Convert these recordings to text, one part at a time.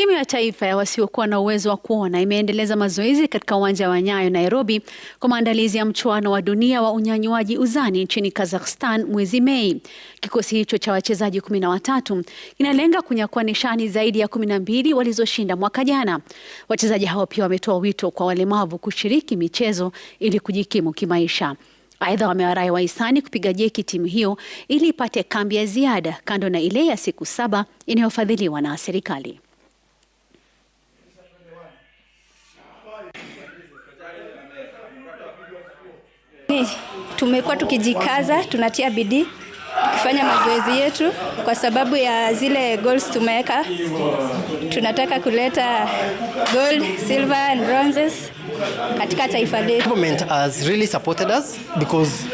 Timu ya taifa ya wasiokuwa na uwezo wa kuona imeendeleza mazoezi katika uwanja wa Nyayo Nairobi kwa maandalizi ya mchuano wa dunia wa unyanyuaji uzani nchini Kazakhstan mwezi Mei. Kikosi hicho cha wachezaji kumi na watatu kinalenga kunyakua nishani zaidi ya kumi na mbili walizoshinda mwaka jana. Wachezaji hao pia wametoa wito kwa walemavu kushiriki michezo ili kujikimu kimaisha. Aidha, wamewarai wahisani kupiga jeki timu hiyo ili ipate kambi ya ziada kando na ile ya siku saba inayofadhiliwa na serikali. tumekuwa tukijikaza, tunatia bidii tukifanya mazoezi yetu kwa sababu ya zile goals tumeweka. Tunataka kuleta gold, silver and bronzes katika taifa letu. Government has really supported us because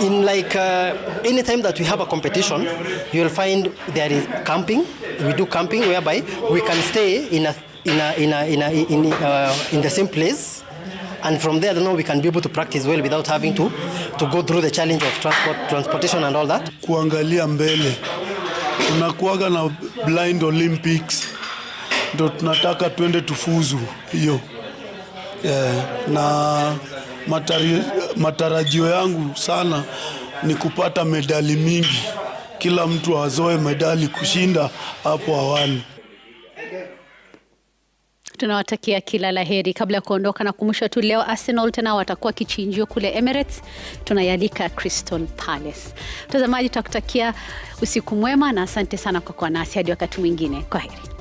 in like uh, any time that we have a competition you will find there is camping we do camping whereby we can stay in a in a in a in a in, uh, in the same place and from there now we can be able to practice well without having to, to go through the challenge of transport, transportation and all that. Kuangalia mbele tunakuaga na blind Olympics ndo tunataka twende tufuzu hiyo yeah. Na matari, matarajio yangu sana ni kupata medali mingi, kila mtu azoe medali kushinda hapo awali tunawatakia kila la heri. Kabla ya kuondoka, na kumusha tu leo Arsenal tena watakuwa kichinjio kule Emirates, tunaialika Crystal Palace. Mtazamaji, tutakutakia usiku mwema na asante sana kwa kuwa nasi hadi wakati mwingine. Kwa heri.